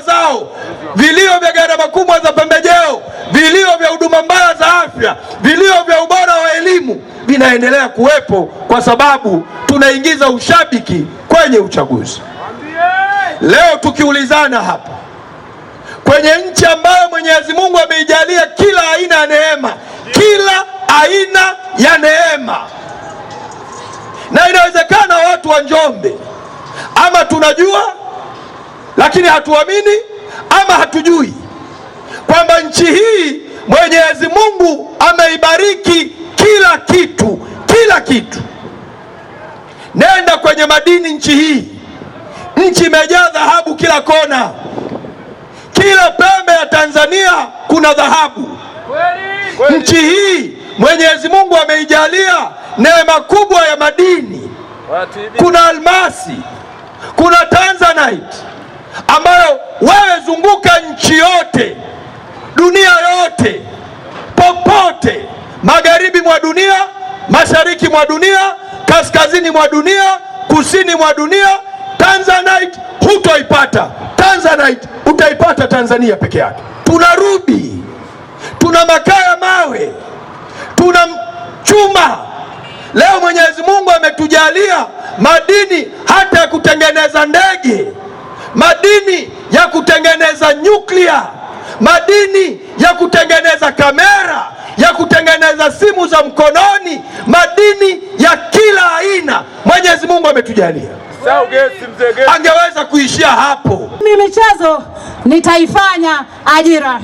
zao vilio vya gharama kubwa za pembejeo, vilio vya huduma mbaya za afya, vilio vya ubora wa elimu vinaendelea kuwepo kwa sababu tunaingiza ushabiki kwenye uchaguzi. Leo tukiulizana hapa kwenye nchi ambayo Mwenyezi Mungu ameijalia kila aina ya neema, kila aina ya neema, na inawezekana watu wa Njombe ama tunajua lakini hatuamini ama hatujui kwamba nchi hii Mwenyezi Mungu ameibariki kila kitu, kila kitu. Nenda kwenye madini nchi hii, nchi imejaa dhahabu kila kona, kila pembe ya Tanzania kuna dhahabu. Nchi hii Mwenyezi Mungu ameijalia neema kubwa ya madini, kuna almasi, kuna tanzanite ambayo wewe, zunguka nchi yote, dunia yote, popote, magharibi mwa dunia, mashariki mwa dunia, kaskazini mwa dunia, kusini mwa dunia, Tanzanite hutoipata. Tanzanite utaipata Tanzania peke yake. Tuna rubi, tuna makaa ya mawe, tuna chuma. Leo Mwenyezi Mungu ametujalia madini hata madini ya kutengeneza nyuklia, madini ya kutengeneza kamera, ya kutengeneza simu za mkononi, madini ya kila aina. Mwenyezi Mungu ametujalia, angeweza kuishia hapo. Mimi michezo nitaifanya ajira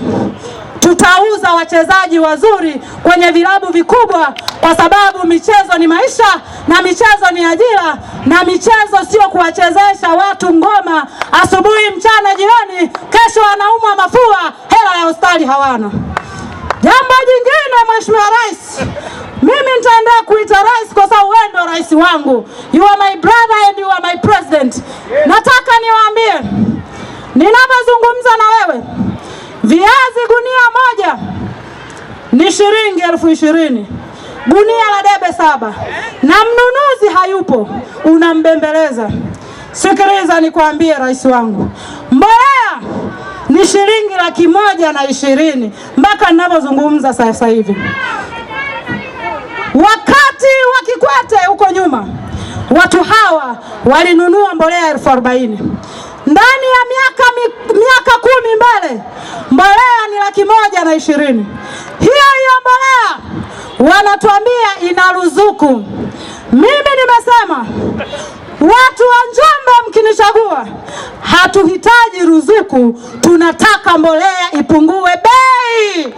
tutauza wachezaji wazuri kwenye vilabu vikubwa, kwa sababu michezo ni maisha na michezo ni ajira, na michezo sio kuwachezesha watu ngoma asubuhi, mchana, jioni, kesho wanaumwa mafua, hela ya hospitali hawana. Jambo jingine, Mheshimiwa Rais, mimi nitaendelea kuita rais kwa sababu wewe ndio rais wangu, you are my brother and you are my president. Nataka niwaambie ninavyozungumza na wewe, viazi gunia moja ni shilingi elfu ishirini gunia la debe saba na mnunuzi hayupo, unambembeleza. Sikiliza nikwambie, rais wangu, mbolea ni shilingi laki moja na ishirini mpaka ninavyozungumza sasa hivi. Wakati wa Kikwete huko nyuma, watu hawa walinunua mbolea elfu arobaini ndani ya miaka, miaka kumi mbele mbolea ni laki moja na ishirini hiyo hiyo mbolea wanatuambia ina ruzuku. Mimi nimesema watu wa Njombe, mkinichagua, hatuhitaji ruzuku, tunataka mbolea ipungue bei.